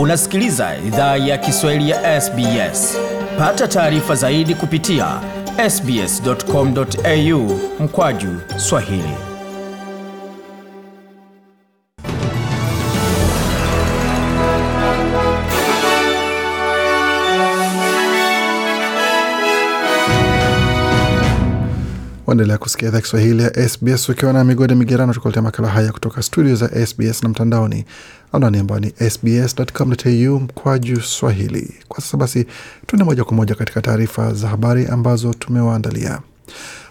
Unasikiliza idhaa ya Kiswahili ya SBS. Pata taarifa zaidi kupitia sbs.com.au mkwaju Swahili. Waendelea kusikia idhaa Kiswahili ya SBS ukiwa na migode migerano, tukuletea makala haya kutoka studio za SBS na mtandaoni anwani ambayo ni sbs.com.au mkwaju swahili. Kwa sasa basi, tuende moja kwa moja katika taarifa za habari ambazo tumewaandalia.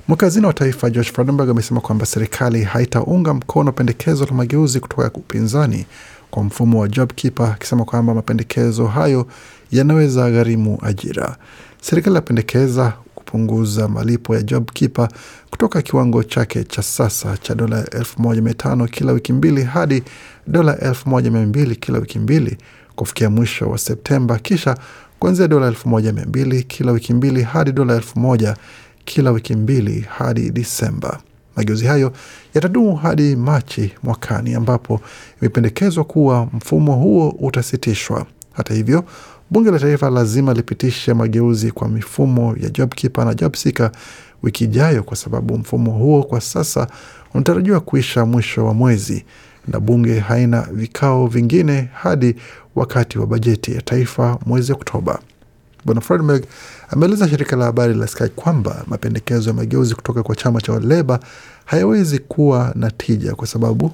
Mwakazina wa taifa Josh Frydenberg amesema kwamba serikali haitaunga mkono pendekezo la mageuzi kutoka upinzani kwa mfumo wa job JobKeeper, akisema kwamba mapendekezo hayo yanaweza gharimu ajira. Serikali inapendekeza kupunguza malipo ya JobKeeper kutoka kiwango chake cha sasa cha dola 1500 kila wiki mbili hadi dola 1200 kila wiki mbili kufikia mwisho wa Septemba, kisha kuanzia dola 1200 kila wiki mbili hadi dola 1000 kila wiki mbili hadi Disemba. Mageuzi hayo yatadumu hadi Machi mwakani ambapo imependekezwa kuwa mfumo huo utasitishwa. Hata hivyo, Bunge la Taifa lazima lipitishe mageuzi kwa mifumo ya JobKeeper na JobSeeker wiki ijayo, kwa sababu mfumo huo kwa sasa unatarajiwa kuisha mwisho wa mwezi na bunge haina vikao vingine hadi wakati wa bajeti ya taifa mwezi Oktoba. Bwana ameeleza shirika la habari la Sky kwamba mapendekezo ya mageuzi kutoka kwa chama cha Leba hayawezi kuwa na tija kwa sababu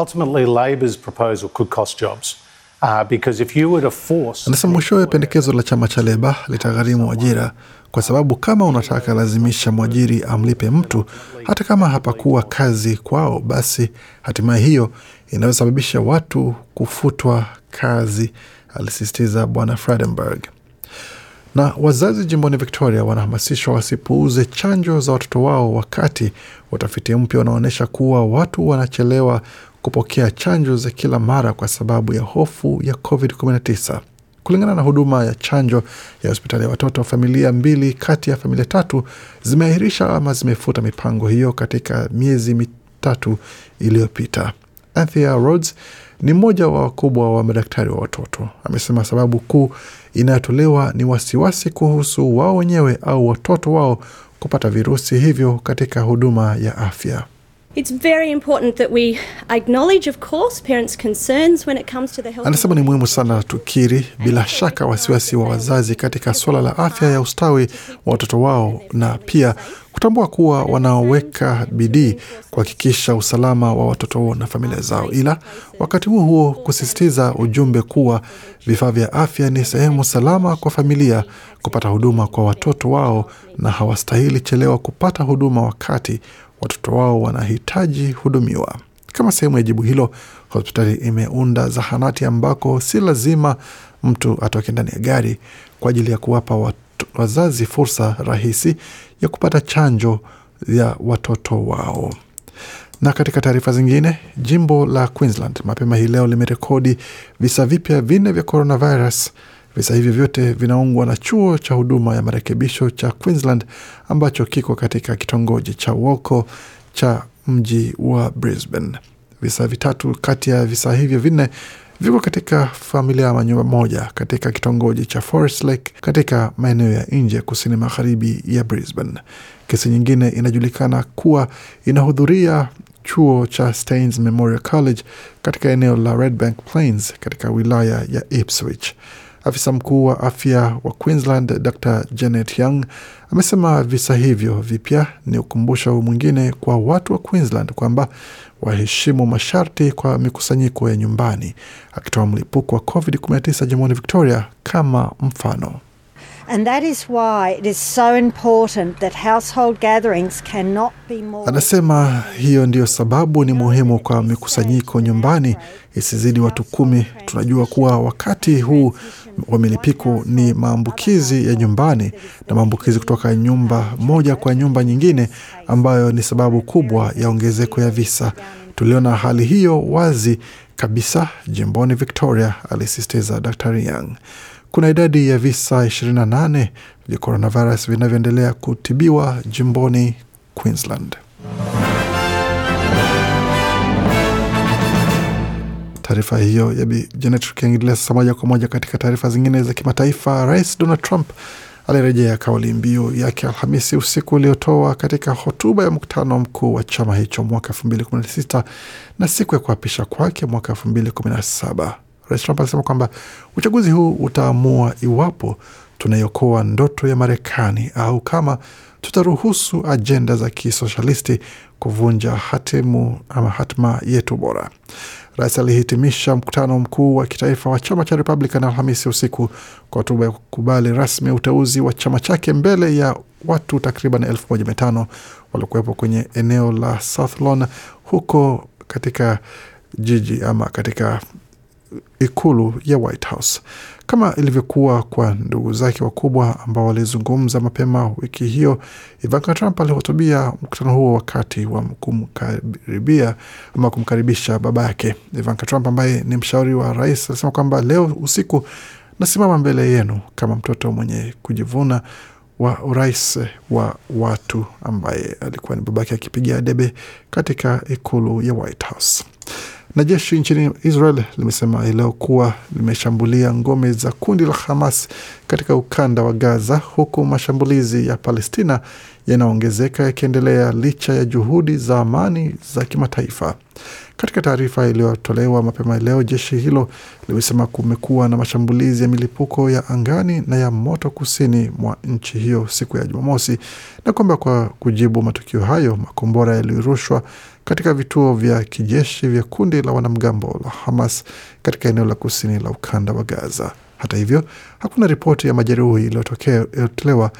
Ultimately, Labor's proposal could cost jobs. Uh, Anasema mwisho ya pendekezo la chama cha Leba litagharimu ajira, kwa sababu kama unataka lazimisha mwajiri amlipe mtu hata kama hapakuwa kazi kwao, basi hatimaye hiyo inayosababisha watu kufutwa kazi, alisisitiza Bwana Fredenberg. Na wazazi jimboni Victoria wanahamasishwa wasipuuze chanjo za watoto wao, wakati watafiti mpya unaonyesha kuwa watu wanachelewa kupokea chanjo za kila mara kwa sababu ya hofu ya COVID-19. Kulingana na huduma ya chanjo ya hospitali ya watoto, familia mbili kati ya familia tatu zimeahirisha ama zimefuta mipango hiyo katika miezi mitatu iliyopita. Anthea Rhodes ni mmoja wa wakubwa wa madaktari wa watoto, amesema sababu kuu inayotolewa ni wasiwasi kuhusu wao wenyewe au watoto wao kupata virusi hivyo katika huduma ya afya. Anasema ni muhimu sana tukiri bila shaka wasiwasi wa wazazi katika suala la afya ya ustawi wa watoto wao na pia kutambua kuwa wanaoweka bidii kuhakikisha usalama wa watoto na familia zao, ila wakati huo huo kusisitiza ujumbe kuwa vifaa vya afya ni sehemu salama kwa familia kupata huduma kwa watoto wao na hawastahili chelewa kupata huduma wakati watoto wao wanahitaji hudumiwa. Kama sehemu ya jibu hilo, hospitali imeunda zahanati ambako si lazima mtu atoke ndani ya gari kwa ajili ya kuwapa watu, wazazi fursa rahisi ya kupata chanjo ya watoto wao. Na katika taarifa zingine, jimbo la Queensland mapema hii leo limerekodi visa vipya vinne vya coronavirus Visa hivyo vyote vinaungwa na chuo cha huduma ya marekebisho cha Queensland ambacho kiko katika kitongoji cha Woko cha mji wa Brisbane. Visa vitatu kati ya visa hivyo vinne viko katika familia ya manyumba moja katika kitongoji cha Forest Lake katika maeneo ya nje kusini magharibi ya Brisbane. Kesi nyingine inajulikana kuwa inahudhuria chuo cha Staines Memorial College katika eneo la Redbank Plains katika wilaya ya Ipswich. Afisa mkuu wa afya wa Queensland Dr Janet Young amesema visa hivyo vipya ni ukumbusho mwingine kwa watu wa Queensland kwamba waheshimu masharti kwa mikusanyiko ya nyumbani, akitoa mlipuko wa COVID-19 jimboni Victoria kama mfano. Anasema hiyo ndiyo sababu ni muhimu kwa mikusanyiko nyumbani isizidi watu kumi. Tunajua kuwa wakati huu wa milipiko ni maambukizi ya nyumbani na maambukizi kutoka nyumba moja kwa nyumba nyingine, ambayo ni sababu kubwa ya ongezeko ya visa. Tuliona hali hiyo wazi kabisa jimboni Victoria, alisisitiza dr Young kuna idadi ya visa 28 vya coronavirus vinavyoendelea kutibiwa jimboni Queensland. Taarifa hiyo ya Bi Janet sasa moja kwa moja katika taarifa zingine za kimataifa. Rais Donald Trump alirejea kauli mbiu yake Alhamisi usiku uliotoa katika hotuba ya mkutano mkuu wa chama hicho mwaka 216 na siku ya kuapisha kwake mwaka 217 Rais Trump alisema kwamba uchaguzi huu utaamua iwapo tunaiokoa ndoto ya Marekani au kama tutaruhusu ajenda za kisoshalisti kuvunja hatimu ama hatima yetu bora. Rais alihitimisha mkutano mkuu wa kitaifa wa chama cha Republican Alhamisi usiku kwa hotuba ya kukubali rasmi uteuzi wa chama chake mbele ya watu takriban elfu moja mia tano waliokuwepo kwenye eneo la South Lawn huko katika jiji ama katika ikulu ya White House kama ilivyokuwa kwa ndugu zake wakubwa ambao walizungumza mapema wiki hiyo. Ivanka Trump alihutubia mkutano huo wakati wa kumkaribia ama kumkaribisha baba yake. Ivanka Trump ambaye ni mshauri wa rais alisema kwamba leo usiku nasimama mbele yenu kama mtoto mwenye kujivuna wa urais wa watu ambaye alikuwa ni babake akipigia debe katika ikulu ya White House. Na jeshi nchini Israel limesema leo kuwa limeshambulia ngome za kundi la Hamas katika ukanda wa Gaza, huku mashambulizi ya Palestina yanaongezeka yakiendelea licha ya juhudi za amani za kimataifa. Katika taarifa iliyotolewa mapema leo, jeshi hilo limesema kumekuwa na mashambulizi ya milipuko ya angani na ya moto kusini mwa nchi hiyo siku ya Jumamosi, na kwamba kwa kujibu matukio hayo, makombora yalirushwa katika vituo vya kijeshi vya kundi la wanamgambo la Hamas katika eneo la kusini la ukanda wa Gaza. Hata hivyo, hakuna ripoti ya majeruhi iliyotolewa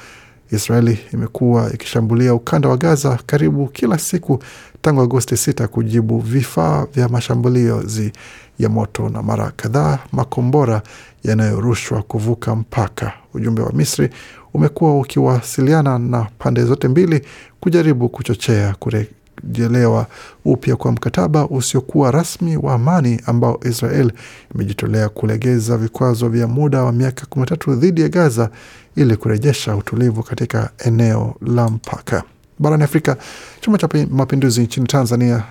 Israeli imekuwa ikishambulia ukanda wa Gaza karibu kila siku tangu Agosti 6 kujibu vifaa vya mashambulizi ya moto na mara kadhaa makombora yanayorushwa kuvuka mpaka. Ujumbe wa Misri umekuwa ukiwasiliana na pande zote mbili kujaribu kuchochea kure kurejelewa upya kwa mkataba usiokuwa rasmi wa amani ambao Israel imejitolea kulegeza vikwazo vya muda wa miaka 13 dhidi ya Gaza ili kurejesha utulivu katika eneo la mpaka. Barani Afrika, chama cha mapinduzi nchini Tanzania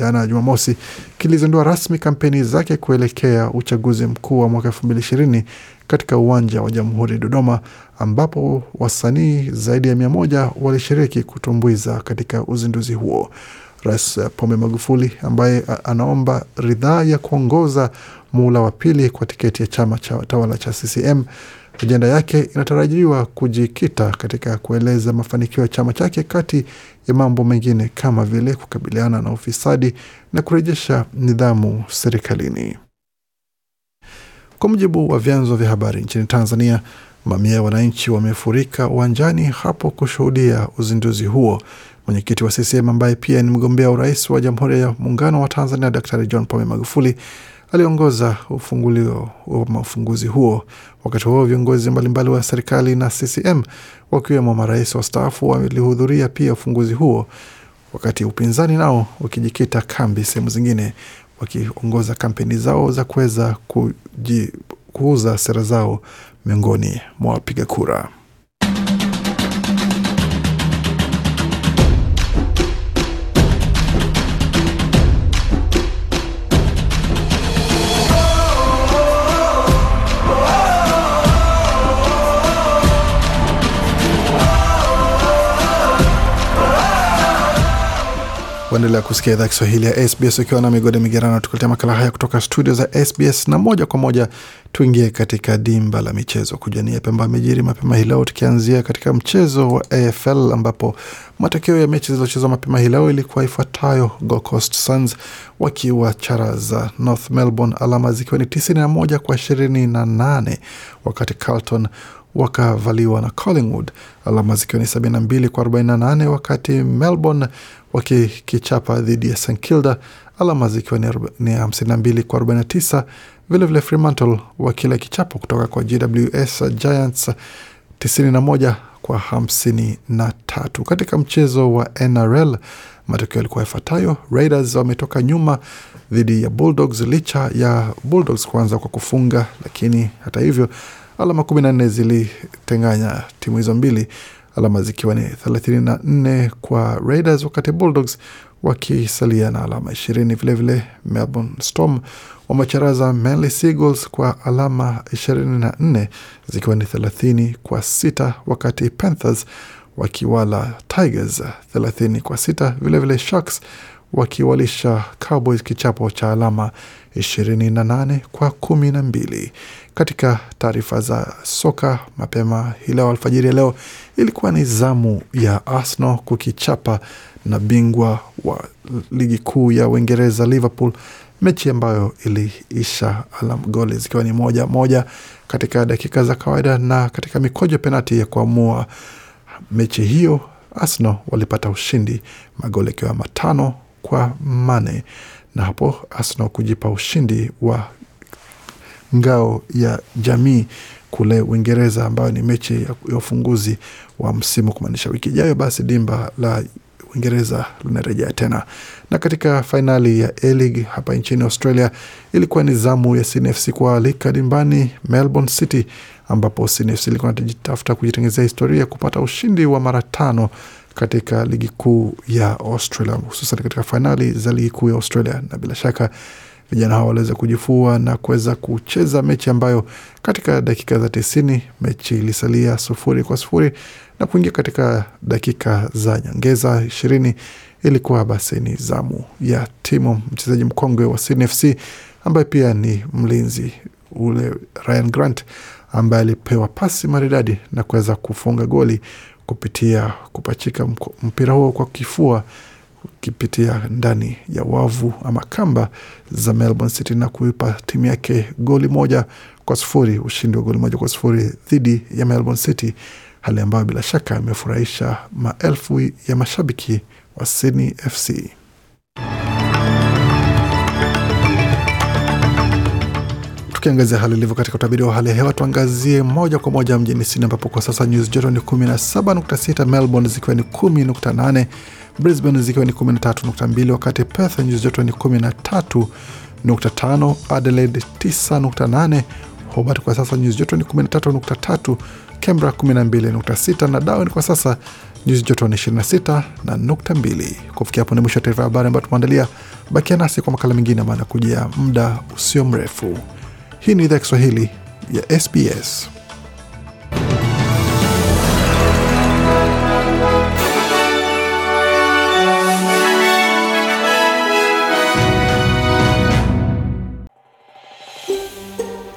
jana Jumamosi kilizindua rasmi kampeni zake kuelekea uchaguzi mkuu wa mwaka elfu mbili ishirini katika uwanja wa Jamhuri Dodoma, ambapo wasanii zaidi ya mia moja walishiriki kutumbuiza katika uzinduzi huo. Rais eh, Pombe Magufuli ambaye eh, anaomba ridhaa ya kuongoza muhula wa pili kwa tiketi ya chama cha tawala cha CCM. Ajenda yake inatarajiwa kujikita katika kueleza mafanikio ya chama chake kati ya mambo mengine kama vile kukabiliana na ufisadi na kurejesha nidhamu serikalini. Kwa mujibu wa vyanzo vya habari nchini Tanzania, Mamia ya wananchi wamefurika uwanjani hapo kushuhudia uzinduzi huo. Mwenyekiti wa CCM ambaye pia ni mgombea urais wa Jamhuri ya Muungano wa Tanzania, Daktari John Pombe Magufuli aliongoza ufungulio wa ufunguzi huo. Wakati huo viongozi mbalimbali wa serikali na CCM wakiwemo marais wastaafu walihudhuria pia ufunguzi huo, wakati upinzani nao ukijikita kambi sehemu zingine, wakiongoza kampeni zao za kuweza kuuza sera zao miongoni mwa wapiga kura. kuendelea kusikia idhaa Kiswahili ya SBS ukiwa na migode migerano, tukuletea makala haya kutoka studio za SBS na moja kwa moja tuingie katika dimba la michezo kujania pemba amejiri mapema hii leo, tukianzia katika mchezo wa AFL ambapo matokeo ya mechi zilizochezwa mapema hii leo ilikuwa ifuatayo: Gold Coast Suns wakiwa chara za North Melbourne, alama zikiwa ni 91 kwa 28, wakati Carlton wakavaliwa na Collingwood, alama zikiwa ni 72 kwa 48, wakati Melbourne wakikichapa dhidi ya St Kilda, alama zikiwa ni 52 kwa 49. Vilevile Fremantle wakila kichapo kutoka kwa GWS Giants 91 kwa 53. Katika mchezo wa NRL Matokeo yalikuwa yafuatayo: Raiders wametoka nyuma dhidi ya Bulldogs licha ya Bulldogs kuanza kwa kufunga, lakini hata hivyo alama kumi na nne zilitenganya timu hizo mbili, alama zikiwa ni 34 kwa Raiders, wakati Bulldogs wakisalia na alama ishirini. Vilevile Melbourne Storm wamecharaza Manly Seagulls kwa alama 24 zikiwa ni 30 kwa sita, wakati Panthers wakiwala Tigers 30 kwa sita, vilevile Sharks wakiwalisha Cowboys kichapo cha alama 28 kwa 12. Katika taarifa za soka mapema hii leo alfajiri ya leo ilikuwa ni zamu ya Arsenal kukichapa na bingwa wa ligi kuu ya Uingereza Liverpool, mechi ambayo iliisha alam goli zikiwa ni moja moja katika dakika za kawaida na katika mikojo penati ya kuamua mechi hiyo Arsenal walipata ushindi magoli yakiwa matano kwa mane, na hapo Arsenal kujipa ushindi wa ngao ya jamii kule Uingereza, ambayo ni mechi ya ufunguzi wa msimu kumaanisha wiki ijayo basi dimba la Uingereza linarejea tena. Na katika fainali ya A-League hapa nchini Australia, ilikuwa ni zamu ya Sydney FC kualika dimbani Melbourne City, ambapo Sydney FC ilikuwa inajitafuta kujitengenezea historia ya kupata ushindi wa mara tano katika ligi kuu ya Australia, hususan katika fainali za ligi kuu ya Australia, na bila shaka vijana hao waliweza kujifua na kuweza kucheza mechi ambayo katika dakika za tisini mechi ilisalia sufuri kwa sufuri na kuingia katika dakika za nyongeza ishirini. Ilikuwa basi ni zamu ya timu mchezaji mkongwe wa CNFC ambaye pia ni mlinzi ule Ryan Grant ambaye alipewa pasi maridadi na kuweza kufunga goli kupitia kupachika mpira huo kwa kifua kipitia ndani ya wavu ama kamba za Melbourne City na kuipa timu yake goli moja kwa sufuri, ushindi wa goli moja kwa sufuri dhidi ya Melbourne City hali ambayo bila shaka imefurahisha maelfu ya mashabiki wa Sydney FC. Tukiangazia hali ilivyo katika utabiri wa hali ya hewa, tuangazie moja kwa moja mjini Sydney ambapo kwa sasa nyuzi joto ni 17.6, Melbourne zikiwa ni 10.8, Brisbane zikiwa ni 13.2, wakati Perth nyuzi joto ni 13.5, Adelaide 9.8, Hobart kwa sasa nyuzi joto ni 13.3 Canberra 12.6 na Darwin kwa sasa nyuzi joto ni 26 na nukta mbili. Kufikia hapo ni mwisho wa taarifa ya habari ambayo tumeandalia. Bakia nasi kwa makala mengine ambayo anakujia muda usio mrefu. Hii ni idhaa ya Kiswahili ya SBS.